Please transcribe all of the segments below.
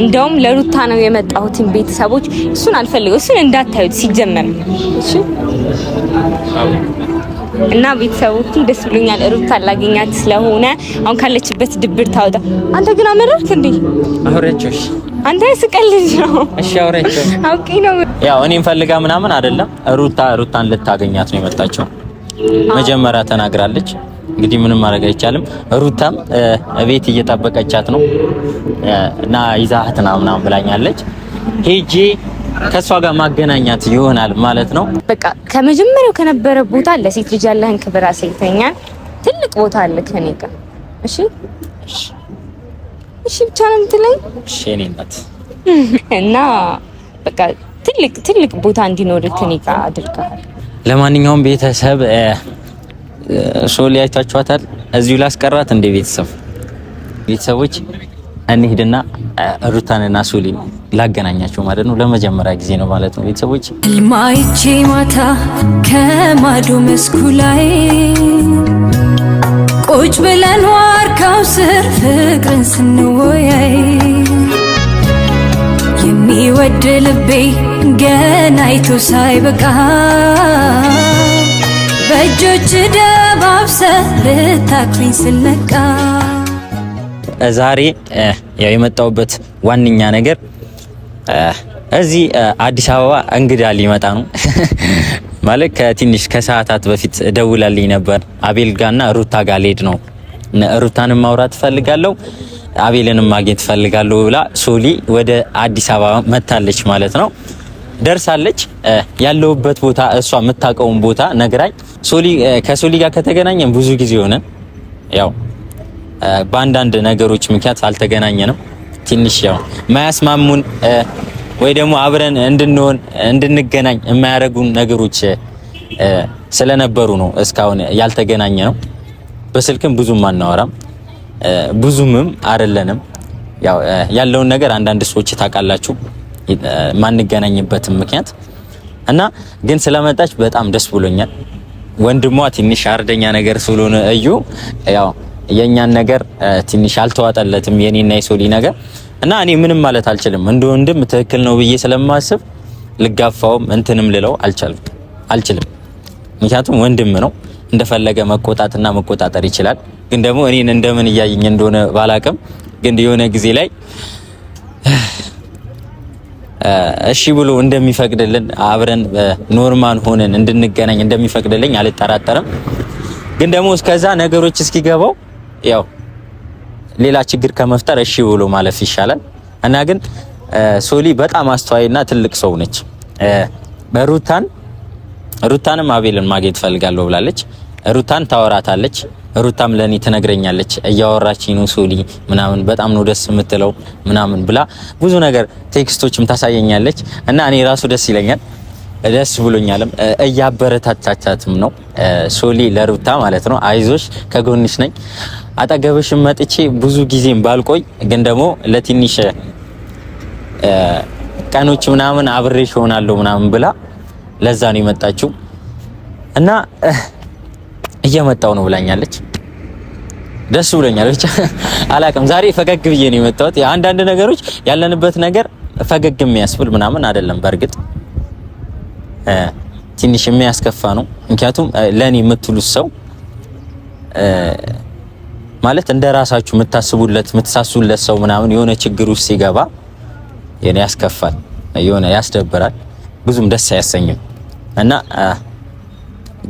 እንደውም ለሩታ ነው የመጣሁትን ቤተሰቦች እሱን አልፈልገው እሱን እንዳታዩት ሲጀመር እሺ እና ቤተሰቦች ደስ ብሎኛል። ሩታ አላገኛት ስለሆነ አሁን ካለችበት ድብር ታወጣ። አንተ ግን አመረርክ እንዴ? አውሬቾሽ አንተ ስቀልጅ ነው። እሺ አውሬቾ አውቂ ነው። ያው እኔም ፈልጋ ምናምን አይደለም። ሩታ ሩታን ልታገኛት ነው የመጣቸው መጀመሪያ ተናግራለች። እንግዲህ ምንም ማድረግ አይቻልም። ሩታም ቤት እየጠበቀቻት ነው እና ይዛህት ና ምናምን ብላኛለች። ሄጄ ከእሷ ጋር ማገናኛት ይሆናል ማለት ነው። በቃ ከመጀመሪያው ከነበረ ቦታ ለሴት ልጅ ያለህን ክብር አሳይተኛል። ትልቅ ቦታ አለ ከኔ ጋር። እሺ እሺ ብቻ ነው የምትለኝ? እሺ እኔ እናት እና በቃ ትልቅ ትልቅ ቦታ እንዲኖር ከኔ ጋር አድርገሃል። ለማንኛውም ቤተሰብ ሶሊ አይታችኋታል። እዚሁ ላስቀራት እንደ ቤተሰብ ቤተሰቦች እንሂድና ሩታንና ሶሊ ላገናኛቸው ማለት ነው። ለመጀመሪያ ጊዜ ነው ማለት ነው ቤተሰቦች። ልማይቼ ማታ ከማዶ መስኩ ላይ ቁጭ ብለን ዋርካው ስር ፍቅርን ስንወያይ የሚወድ ልቤ ገና አይቶ ሳይበቃ በእጆች ደባብሰ ልታክሪኝ ስነቃ ዛሬ ያው የመጣውበት ዋነኛ ነገር እዚህ አዲስ አበባ እንግዳ ሊመጣ ነው ማለት ከትንሽ ከሰዓታት በፊት ደውላልኝ ነበር። አቤል ጋና ሩታ ጋር ልሄድ ነው፣ ሩታንም ማውራት ፈልጋለሁ፣ አቤልንም ማግኘት ፈልጋለሁ ብላ ሶሊ ወደ አዲስ አበባ መታለች ማለት ነው። ደርሳለች። ያለውበት ቦታ እሷ የምታውቀውን ቦታ ነግራኝ፣ ሶሊ ከሶሊ ጋር ከተገናኘን ብዙ ጊዜ ሆነ ያው በአንዳንድ ነገሮች ምክንያት አልተገናኘንም። ትንሽ ያው ማያስማሙን ወይ ደግሞ አብረን እንድንሆን እንድንገናኝ የማያደርጉን ነገሮች ስለነበሩ ነው እስካሁን ያልተገናኘ ነው። በስልክም ብዙም አናወራም፣ ብዙምም አይደለንም። ያው ያለውን ነገር አንዳንድ ሰዎች ታውቃላችሁ። ማንገናኝበትም ምክንያት እና ግን ስለመጣች በጣም ደስ ብሎኛል። ወንድሟ ትንሽ አርደኛ ነገር ስለሆነ እዩ ያው የእኛን ነገር ትንሽ አልተዋጠለትም የኔና የሶሊ ነገር እና እኔ ምንም ማለት አልችልም። እንደ ወንድም ትክክል ነው ብዬ ስለማስብ ልጋፋውም እንትንም ልለው አልችልም። ምክንያቱም ወንድም ነው እንደፈለገ መቆጣትና መቆጣጠር ይችላል። ግን ደግሞ እኔን እንደምን እያየኝ እንደሆነ ባላቅም ግን የሆነ ጊዜ ላይ እሺ ብሎ እንደሚፈቅድልን አብረን ኖርማል ሆነን እንድንገናኝ እንደሚፈቅድልኝ አልጠራጠርም። ግን ደግሞ እስከዛ ነገሮች እስኪገባው ያው ሌላ ችግር ከመፍጠር እሺ ብሎ ማለፍ ይሻላል እና ግን ሶሊ በጣም አስተዋይና ትልቅ ሰው ነች። በሩታን ሩታንም አቤልን ማግኘት ፈልጋለሁ ብላለች። ሩታን ታወራታለች። ሩታም ለእኔ ትነግረኛለች እያወራች ነው ሶሊ ምናምን በጣም ነው ደስ የምትለው ምናምን ብላ ብዙ ነገር ቴክስቶችም ታሳየኛለች እና እኔ ራሱ ደስ ይለኛል ደስ ብሎኛልም እያበረታቻቻትም ነው ሶሊ ለሩታ ማለት ነው አይዞሽ ከጎንሽ ነኝ አጠገብሽም መጥቼ ብዙ ጊዜም ባልቆይ ግን ደግሞ ለትንሽ ቀኖች ምናምን አብሬሽ ሆናለሁ ምናምን ብላ ለዛ ነው የመጣችው እና እየመጣው ነው ብላኛለች። ደስ ብሎኛል። ብቻ አላቅም። ዛሬ ፈገግ ብዬ ነው የመጣሁት። አንዳንድ ነገሮች ያለንበት ነገር ፈገግ የሚያስብል ምናምን አይደለም። በእርግጥ ትንሽ የሚያስከፋ ነው። ምክንያቱም ለኔ የምትሉት ሰው ማለት እንደ ራሳችሁ የምታስቡለት የምትሳሱለት ሰው ምናምን የሆነ ችግር ውስጥ ሲገባ የኔ ያስከፋል፣ የሆነ ያስደብራል፣ ብዙም ደስ አያሰኝም እና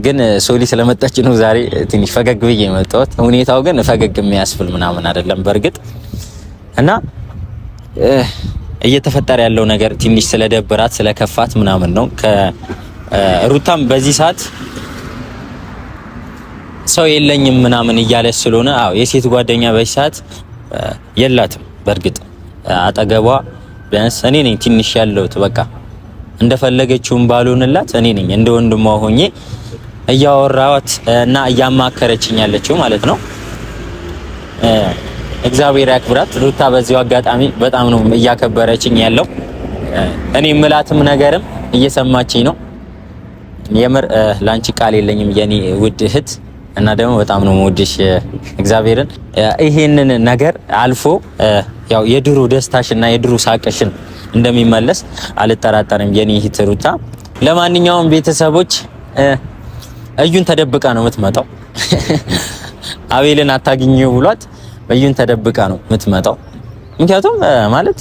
ግን ሶሊ ስለመጣች ነው ዛሬ ትንሽ ፈገግ ብዬ የመጣሁት። ሁኔታው ግን ፈገግ የሚያስብል ምናምን አይደለም በእርግጥ እና እየተፈጠረ ያለው ነገር ትንሽ ስለደብራት ስለከፋት ምናምን ነው። ከሩታም በዚህ ሰዓት ሰው የለኝም ምናምን እያለች ስለሆነ አዎ የሴት ጓደኛ በዚህ ሰዓት የላትም። በእርግጥ አጠገቧ ቢያንስ እኔ ነኝ ትንሽ ያለሁት በቃ እንደፈለገችውም ባልሆንላት እኔ ነኝ እንደ ወንድሟ ሆኜ እያወራዋት እና እያማከረችኝ ያለችው ማለት ነው። እግዚአብሔር ያክብራት ሩታ። በዚሁ አጋጣሚ በጣም ነው እያከበረችኝ ያለው። እኔ ምላትም ነገርም እየሰማችኝ ነው። የምር ላንቺ ቃል የለኝም የኔ ውድ እህት እና ደግሞ በጣም ነው የምወድሽ። እግዚአብሔርን ይሄንን ነገር አልፎ ያው የድሮ እና የድሮ ሳቅሽን እንደሚመለስ አልጠራጠርም የኔ እህት ሩታ። ለማንኛውም ቤተሰቦች እዩን ተደብቃ ነው የምትመጣው። አቤልን አታግኘው ብሏት እዩን ተደብቃ ነው የምትመጣው። ምክንያቱም ማለት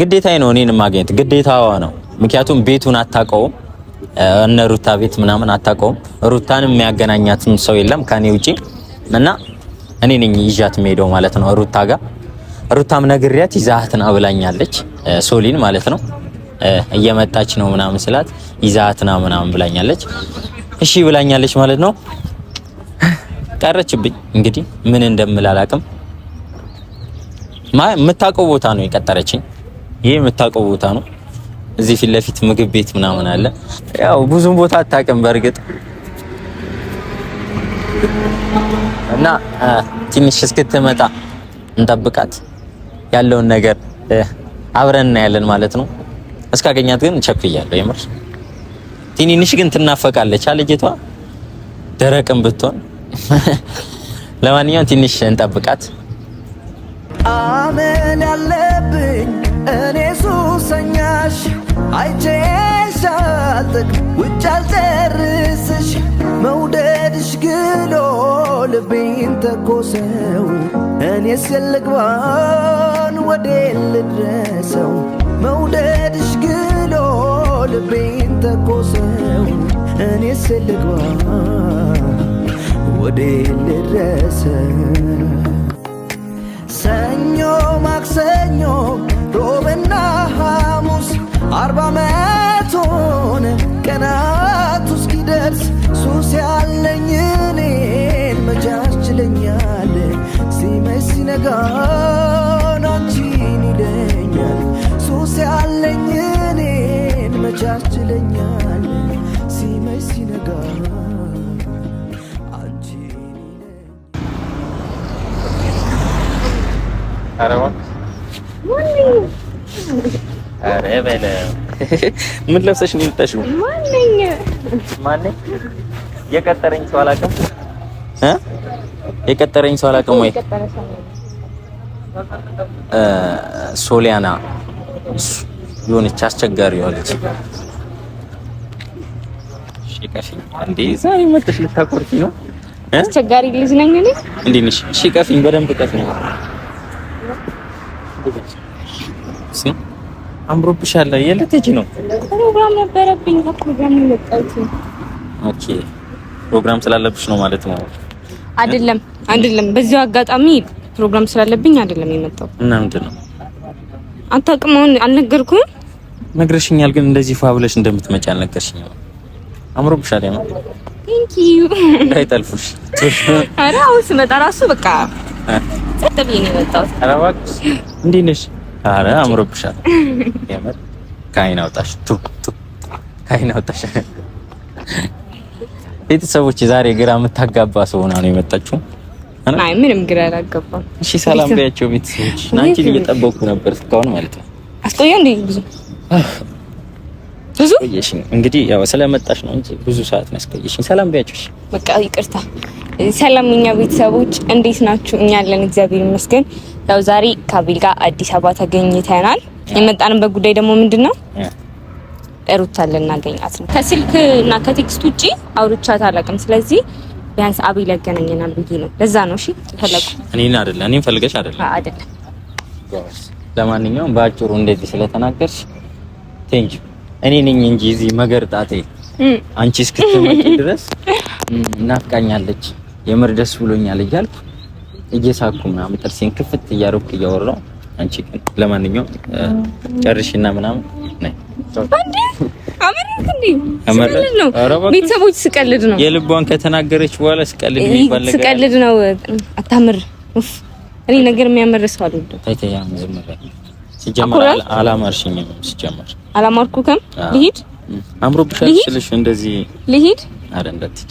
ግዴታ ነው እኔን ማግኘት ግዴታዋ ነው። ምክንያቱም ቤቱን አታውቀውም፣ እነ ሩታ ቤት ምናምን አታውቀውም። ሩታን የሚያገናኛትም ሰው የለም ከኔ ውጪ እና እኔ ነኝ ይዣት የምሄደው ማለት ነው ሩታ ጋር። ሩታም ነግሪያት ይዛሃትን አብላኛለች ሶሊን ማለት ነው እየመጣች ነው ምናምን ስላት ይዛትና ምናምን ብላኛለች። እሺ ብላኛለች ማለት ነው። ቀረችብኝ እንግዲህ ምን እንደምላላቅም አላቅም። የምታውቀው ቦታ ነው የቀጠረችኝ። ይህ የምታውቀው ቦታ ነው። እዚህ ፊት ለፊት ምግብ ቤት ምናምን አለ። ያው ብዙም ቦታ አታውቅም በእርግጥ እና ትንሽ እስክትመጣ እንጠብቃት ያለውን ነገር አብረን እናያለን ማለት ነው። እስካገኛት ግን ቸኩያለሁ የምር ትንንሽ ግን ትናፈቃለች ልጅቷ ደረቅም ብትሆን። ለማንኛውም ትንሽ እንጠብቃት። አመል ያለብኝ እኔ ሱሰኛሽ አይቼሽ አልጥቅ ውጭ አልጨርስሽ መውደድሽ ግሎ ልቤን ተኮሰው እኔ የልግባን ወዴት ልድረሰው መውደድ ልቤን ተኮሰው እኔ ስልግባ ወዴ ልድረስ ሰኞ ማክሰኞ ሮብና ሐሙስ አርባ ሆነ ቀናቱ እስኪደርስ ምን ለብሰሽ ነው የመጣሽው? ማነኝ? የቀጠረኝ ሰው አላውቅም እ የቀጠረኝ ሰው አላውቅም ወይ ሶሊያና የሆነች አስቸጋሪ የሆነች ዛሬ መጥተሽ ልታኮርፊ ነው? አስቸጋሪ ልጅ ነኝ እኔ። እንዴት ነሽ? እሺ፣ ቀፊኝ፣ በደንብ ቀፊኝ። አምሮብሻል። የለት እጂ ነው ፕሮግራም ነበረብኝ። ከፕሮግራም የመጣሁት ኦኬ፣ ፕሮግራም ስላለብሽ ነው ማለት ነው? አይደለም፣ አይደለም። በዚያው አጋጣሚ ፕሮግራም ስላለብኝ አይደለም የመጣው። እና ምንድን ነው አታውቅም? አሁን አልነገርኩም። ነግረሽኛል፣ ግን እንደዚህ ፋ ብለሽ እንደምትመጪ አልነገርሽኝም። አምሮብሻል። ያማ ዩ። እንዳይጠልፉሽ። ኧረ አሁን ስመጣ እራሱ በቃ ጸጥ ብዬሽ ነው የመጣሁት። ኧረ እንዴት ነሽ? አረ አምሮብሻል። የምር ከአይን አውጣሽ ቱ ቱ ከአይን አውጣሽ። ቤተሰቦች ዛሬ ግራ የምታጋባ ሰው ሆና ነው የመጣችው። አይ ምንም ግራ አላጋባም። እሺ ሰላም በያቸው ቤተሰቦች። ናንቺ እየጠበኩ ነበር እስካሁን ማለት ነው። አስቆየ እንዴ ብዙ ብዙ እንግዲህ ያው ስለመጣሽ ነው እንጂ ብዙ ሰዓት ነው ያስቆየሽኝ። ሰላም በያቸው። በቃ ይቅርታ ሰላም የኛ ቤተሰቦች እንዴት ናችሁ? እኛ ያለን እግዚአብሔር ይመስገን። ያው ዛሬ ከአቤል ጋር አዲስ አበባ ተገኝተናል። የመጣንበት ጉዳይ ደግሞ ምንድን ነው? ሩታ ልናገኛት ነው። ከስልክ እና ከቴክስት ውጭ አውርቻት አላውቅም። ስለዚህ ቢያንስ አቤል ያገናኘናል ብዬ ነው። ለዛ ነው እሺ ፈለጉ። እኔን አይደለ እኔን ፈልገሽ አይደለ አይደለ። ለማንኛውም በአጭሩ እንደዚህ ስለተናገርሽ ቴንክ እኔ ነኝ እንጂ እዚህ መገርጣቴ አንቺ እስክትመጪ ድረስ እናፍቃኛለች የምር ደስ ብሎኛል እያልኩ እየሳኩ ምናምን ጥርሴን ክፍት እያደረኩ እያወራሁ አንቺ ግን ለማንኛውም ጨርሽና ምናምን ነይ። ቤተሰቦች ስቀልድ ነው የልቧን ከተናገረች በኋላ ስቀልድ ነገር ስቀልድ ነው። አታምር እኔ ነገር የሚያምር ሰው ሲጀመር አላማርኩከም። ልሂድ፣ አምሮብሻል ስልሽ እንደዚህ ልሂድ። አረ እንዳትች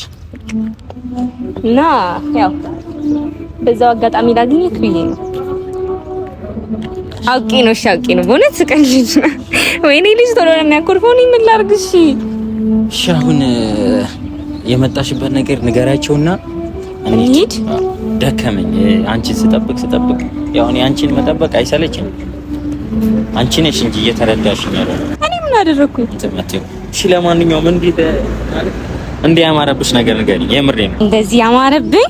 እና ያው በዛው አጋጣሚ ላግኘት ብዬ ነው። አውቄ ነው እሺ፣ አውቄ ነው በእውነት ስቀኝ። ወይኔ ልጅ ቶሎ ነው የሚያኮርፈው። እኔ ምን ላድርግ? እሺ፣ እሺ። አሁን የመጣሽበት ነገር ንገሪያቸውና እንሂድ። ደከመኝ፣ አንቺን ስጠብቅ ስጠብቅ። ያው እኔ አንቺን መጠበቅ አይሰለችም። አንቺ ነሽ እንጂ እየተረዳሽኝ ያለው። እኔ ምን አደረኩኝ? እሺ፣ ለማንኛውም እንዴት ማለት እንዴ ያማረብሽ ነገር ንገሪኝ። የምሬ ነው። እንደዚህ ያማረብኝ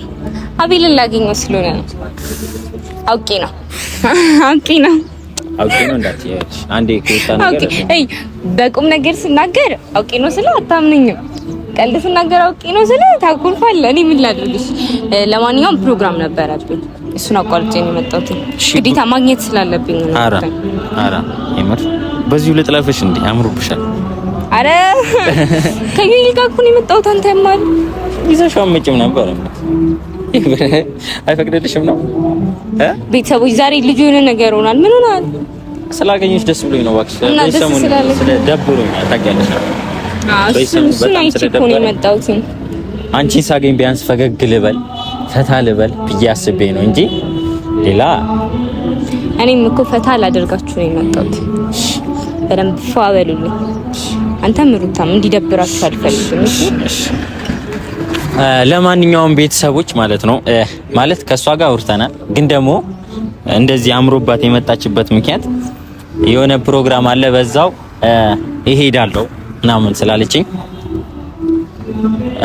አቤልን ላገኘው ስለሆነ ነው። አውቄ ነው አውቄ ነው አውቄ ነው እንዳትያለሽ። አንዴ ኮስታ ነገር አይ በቁም ነገር ስናገር አውቄ ነው ስለ አታምነኝም። ቀልድ ስናገር አውቄ ነው ስለ ታኩርፋለህ። እኔ ምን ላድርግሽ? ለማንኛውም ፕሮግራም ነበረብኝ እሱን አቋርጬ ነው የመጣሁት። ግዴታ ማግኘት ስላለብኝ ነው። አራ ኧረ የምር በዚሁ ልጥለፍሽ እንዴ አምሮብሻል። አረ ከዩሊ ጋር እኮ ነው የመጣሁት። አንተ የማል ይዘሽ አትመጭም ነበር አይፈቅድልሽም ነው እ ቤተሰቦች ዛሬ ልጁ የሆነ ነገር ሆናል። ምን ሆናል? ስላገኘሽ ደስ ብሎኝ ነው እባክሽ። ደብሮኛል ታውቂያለሽ። እሱን አይቼ እኮ ነው የመጣሁት። አንቺን ሳገኝ ቢያንስ ፈገግ ልበል ፈታ ልበል ብዬ አስቤ ነው እንጂ ሌላ እኔም እኮ ፈታ ላደርጋችሁ ነው የመጣሁት። በደንብ ፏ በሉልኝ። አንተም ሩታም እንዲደብራችሁ አልፈልግም። ለማንኛውም ቤተሰቦች ማለት ነው ማለት ከእሷ ጋር አውርተናል፣ ግን ደግሞ እንደዚህ አምሮባት የመጣችበት ምክንያት የሆነ ፕሮግራም አለ በዛው ይሄዳለሁ ምናምን ስላለችኝ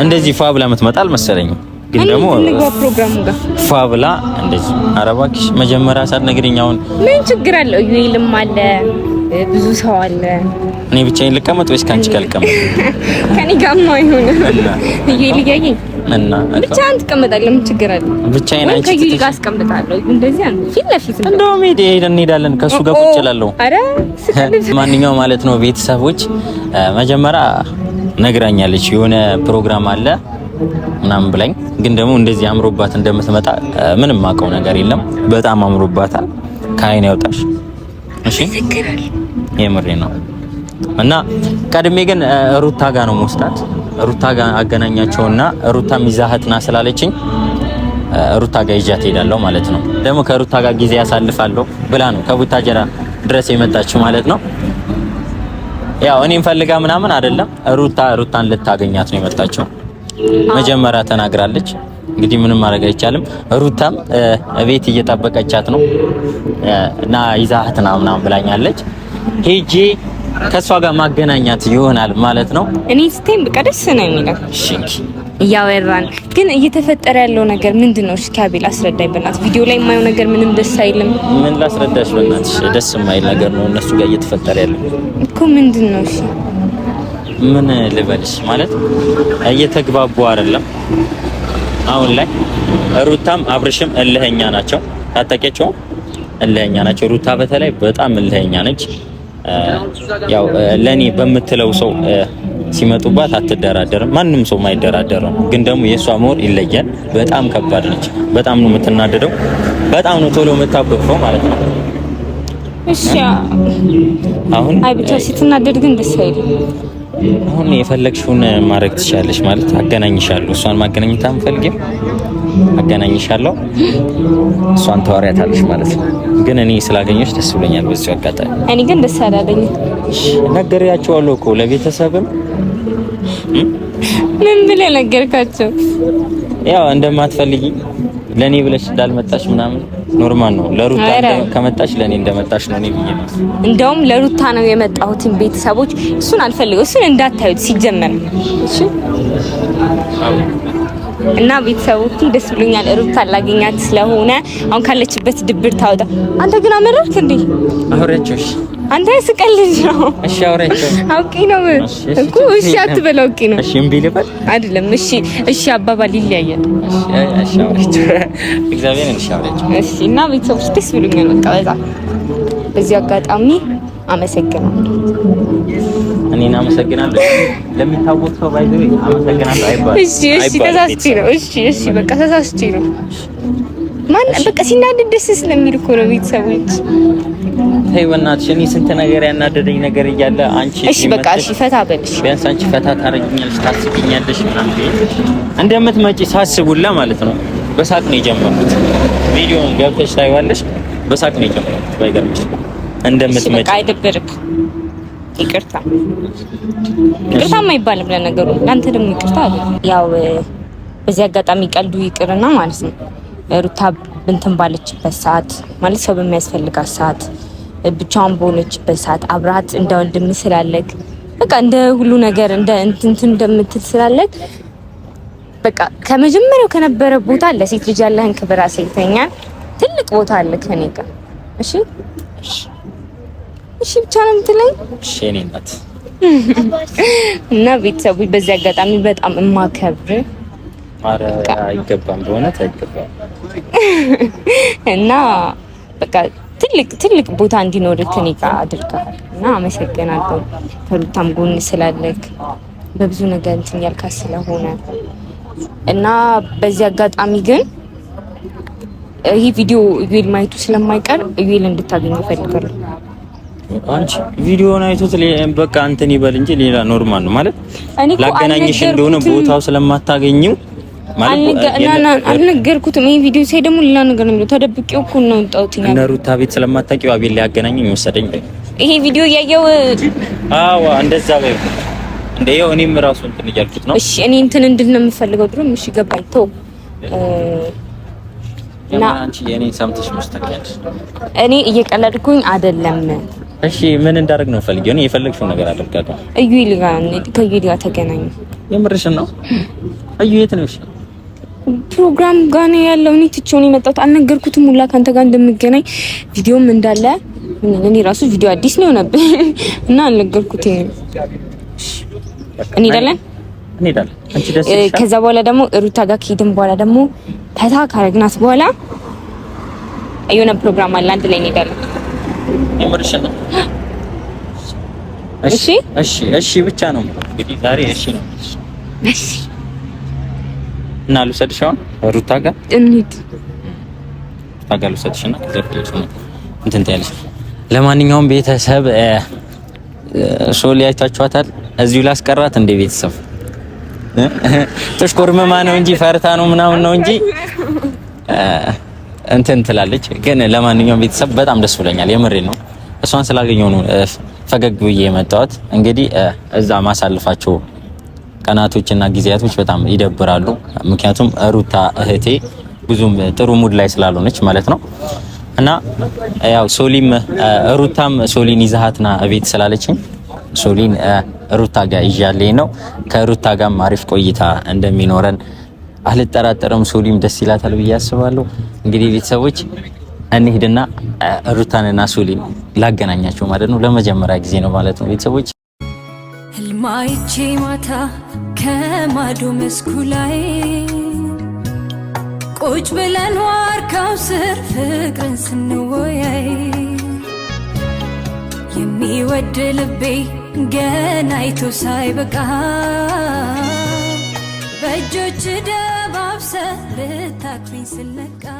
እንደዚህ ፋ ብላ ምትመጣ አልመሰለኝም። ግን ደግሞ ፕሮግራሙ ጋር ፏ ብላ እንደዚህ ኧረ እባክሽ መጀመሪያ ሳትነግሪኝ አሁን ምን ችግር አለው? እዩኤልም አለ ብዙ ሰው አለ። እኔ ብቻዬን ልቀመጥ ወይስ ከአንቺ ጋር ልቀመጥ? ከኔ ጋርማ ይሁን እዩኤል እያየኝ እና ብቻ ትቀመጣለህ። ምን ችግር አለ? ብቻዬን አንቺ ከእዩኤል ጋር አስቀምጣለሁ። እንደዚህ ፊት ለፊት እንደውም እንሄዳለን ከእሱ ጋር ቁጭ እላለሁ። ኧረ ማንኛውም ማለት ነው ቤተሰቦች መጀመሪያ ነግራኛለች የሆነ ፕሮግራም አለ ምናምን ብላኝ፣ ግን ደግሞ እንደዚህ አምሮባት እንደምትመጣ ምንም አውቀው ነገር የለም። በጣም አምሮባታል። ከአይን ያውጣሽ። እሺ፣ የምሬ ነው። እና ቀድሜ ግን ሩታ ጋ ነው መወስዳት ሩታ ጋ አገናኛቸውና ሩታ ሚዛህትና ስላለችኝ ሩታ ጋ ይዣት ሄዳለሁ ማለት ነው። ደግሞ ከሩታ ጋር ጊዜ ያሳልፋለሁ ብላ ነው ከቡታጀራ ድረስ የመጣችው ማለት ነው። ያው እኔም ፈልጋ ምናምን አይደለም። ሩታ ሩታን ልታገኛት ነው የመጣችው። መጀመሪያ ተናግራለች። እንግዲህ ምንም ማድረግ አይቻልም። ሩታም ቤት እየጠበቀቻት ነው እና ይዛህት ና ምናምን ብላኛለች። ሄጄ ከእሷ ጋር ማገናኛት ይሆናል ማለት ነው። እኔ ስቴም በቃ ደስ ነው የሚለው እሺ እያወራን ግን እየተፈጠረ ያለው ነገር ምንድን ነው? እስኪ አቤል አስረዳኝ በእናትህ። ቪዲዮ ላይ የማየው ነገር ምንም ደስ አይልም። ምን ላስረዳሽ በእናትሽ፣ ደስ የማይል ነገር ነው እነሱ ጋር እየተፈጠረ ያለው እኮ ምንድን ነው? እሺ ምን ልበልሽ ማለት እየተግባቡ አይደለም። አሁን ላይ ሩታም አብርሽም እልህኛ ናቸው። ታጠቂያቸው እልህኛ ናቸው። ሩታ በተለይ በጣም እልህኛ ነች። ያው ለኔ በምትለው ሰው ሲመጡባት አትደራደርም። ማንም ሰው ማይደራደር ግን ደግሞ የእሷ ሞር ይለያል። በጣም ከባድ ነች። በጣም ነው የምትናደደው። በጣም ነው ቶሎ የምታበፈው ማለት ነው። እሺ አሁን አይ ብቻ ስትናደድ ግን ደስ አይልም። አሁን የፈለግሽውን ማድረግ ትችላለሽ። ማለት አገናኝሻለሁ። እሷን ማገናኘት አንፈልግም፣ አገናኝሻለሁ። እሷን ተዋሪያታለሽ ማለት ነው። ግን እኔ ስላገኘሽ ደስ ብሎኛል። በዚሁ አጋጣሚ እኔ ግን ደስ አላለኝም። ነገርያቸዋለሁ እኮ ለቤተሰብም ምን ብለህ ነገርካቸው? ያው እንደማትፈልጊ ለኔ ብለሽ እንዳልመጣሽ ምናምን ኖርማል ነው። ለሩታ ከመጣሽ ለኔ እንደመጣሽ ነው። እኔ ብዬ እንደውም ለሩታ ነው የመጣሁትን ቤተሰቦች እሱን አልፈልገው እሱን እንዳታዩት ሲጀመር። እሺ እና ቤተሰቦቹ ደስ ብሎኛል፣ ሩታ ላገኛት ስለሆነ አሁን ካለችበት ድብር ታወጣ። አንተ ግን አመረርክ እንዴ? ያቸውሽ አንተ ስቀል ነው። እሺ አውራቸው አውቂ ነው እኮ እሺ አትበል። አውቂ ነው እሺ እምቢ ልበል አይደለም። እሺ እሺ አባባል ይለያያል። እሺ አውራቸው እግዚአብሔርን እሺ አውራቸው። እሺ እና ቤተሰቦች ደስ ብሎኛል። በቃ በጣም በዚህ አጋጣሚ አመሰግናለሁ። እኔን አመሰግናለሁ። ለሚታወቅ ሰው ባይዘ አመሰግናለሁ አይባል። እሺ እሺ ተሳስቼ ነው። እሺ እሺ በቃ ተሳስቼ ነው። ማን በቃ ሲናደድ ደስ ስለሚል እኮ ነው ቤተሰቦች ተይ በእናትሽ። እኔ ስንት ነገር ያናደደኝ ነገር እያለ አንቺ እሺ፣ በቃ እሺ፣ ፈታ በልሽ። ቢያንስ አንቺ ፈታ ታረጊኛለሽ፣ ታስቂኛለሽ ምናምን እንደምትመጪ ሳስቡላ ማለት ነው። በሳቅ ነው የጀመርኩት። ቪዲዮውን ገብተሽ ታይዋለሽ። በሳቅ ነው የጀመርኩት። ባይገርምሽ እንደምትመጪ አይደብርክ። ይቅርታ ይቅርታ አይባልም ለነገሩ። አንተ ደግሞ ይቅርታ ያው በዚህ አጋጣሚ ቀልዱ ይቅርና ማለት ነው ሩታ እንትን ባለችበት ሰዓት ማለት ሰው በሚያስፈልጋት ሰዓት ብቻዋን በሆነችበት ሰዓት አብራት እንደ ወንድም ስላለክ በቃ እንደ ሁሉ ነገር እንደ እንትንትን እንደምትል ስላለክ በቃ ከመጀመሪያው ከነበረ ቦታ ለሴት ልጅ ያለህን ክብር አሳይተኛል። ትልቅ ቦታ አለ ከኔ ጋር። እሺ እሺ ብቻ ነው የምትለኝ። እሺ እኔ እናት እና ቤተሰቡ በዚህ አጋጣሚ በጣም እማከብር አይገባም በእውነት አይገባም እና በቃ ትልቅ ትልቅ ቦታ እንዲኖር ትኒቃ አድርገሃል እና አመሰግናለሁ። ከሩታም ጎን ስላለክ በብዙ ነገር እንትን ያልካ ስለሆነ እና በዚህ አጋጣሚ ግን ይህ ቪዲዮ እዩል ማየቱ ስለማይቀር እዩል እንድታገኝ ይፈልጋሉ። አንቺ ቪዲዮውን አይቶት በቃ እንትን ይበል እንጂ ሌላ ኖርማል ነው ማለት ላገናኝሽ እንደሆነ ቦታው ስለማታገኘው አልነገርኩትም። ይህ ቪዲዮ ሳይ ደግሞ ሌላ ነገር ነው የሚለው። ተደብቄው እኮ ነው የወጣሁት። እነ ሩታ ቤት ስለማታውቂው አቤል ላይ ያገናኘኝ ወሰደኝ። ይሄ ቪዲዮ እያየው አዎ፣ እንደዛ በይው እንደ ይኸው እኔም እራሱ እንትን እያልኩት ነው። እሺ እኔ እንትን እንድን ነው የምፈልገው ድሮም። እሺ ገባኝ። ተው እና አንቺ የኔን ሰምተሽ መስተካከል። እኔ እየቀለድኩኝ አይደለም። እሺ ምን እንዳደርግ ነው ፈልጊ? እኔ የፈለግሽው ነገር አደርጋለሁ። እዩ ይልጋ ከዩ ይልጋ ተገናኙ። የምርሽን ነው? እዩ የት ነው? እሺ ፕሮግራም ጋር ያለው። እኔ ትቼው ነው የመጣሁት። አልነገርኩትም ሁላ ከአንተ ጋር እንደምገናኝ ቪዲዮም እንዳለ እኔ ራሱ ቪዲዮ አዲስ ነው ነበር እና አልነገርኩትም። እንሄዳለን ከዛ በኋላ ደግሞ ሩታ ጋር ከሄድን በኋላ ደግሞ ተታ ካረግናት በኋላ የሆነ ፕሮግራም አለ፣ አንድ ላይ እንሄዳለን። እሺ እሺ እሺ ብቻ ነው እንግዲህ ዛሬ እሺ ነው። እሺ እና ልውሰድሽ አሁን ሩታ ጋር እንሂድ። ሩታ ጋር ልውሰድሽ እና ከዛ እንትን ትያለሽ። ለማንኛውም ቤተሰብ ሶሊ አይታችኋታል። እዚሁ ላስቀራት እንደ ቤተሰብ ተሽኮርመማ ነው እንጂ ፈርታ ነው ምናምን ነው እንጂ እንትን ትላለች። ግን ለማንኛውም ቤተሰብ በጣም ደስ ብለኛል። የምሬ ነው። እሷን ስላገኘው ነው ፈገግ ብዬ የመጣሁት። እንግዲህ እዛ ማሳልፋቸው ቀናቶችና ጊዜያቶች በጣም ይደብራሉ። ምክንያቱም ሩታ እህቴ ብዙም ጥሩ ሙድ ላይ ስላልሆነች ማለት ነው። እና ያው ሶሊም ሩታም ሶሊን ይዛሃትና ቤት ስላለችኝ ሶሊን ሩታ ጋር ይዣለኝ ነው። ከሩታ ጋርም አሪፍ ቆይታ እንደሚኖረን አልጠራጠርም። ሶሊም ደስ ይላታል ብዬ አስባለሁ። እንግዲህ ቤተሰቦች እንሂድና ሩታንና ሶሊን ላገናኛቸው ማለት ነው። ለመጀመሪያ ጊዜ ነው ማለት ነው ቤተሰቦች ማይቼ ማታ ከማዶ መስኩ ላይ ቁጭ ብለን ዋርካው ስር ፍቅርን ስንወያይ የሚወድ ልቤ ገና አይቶ ሳይበቃ በእጆች ደባብሰ ልታክሪኝ ስለቃ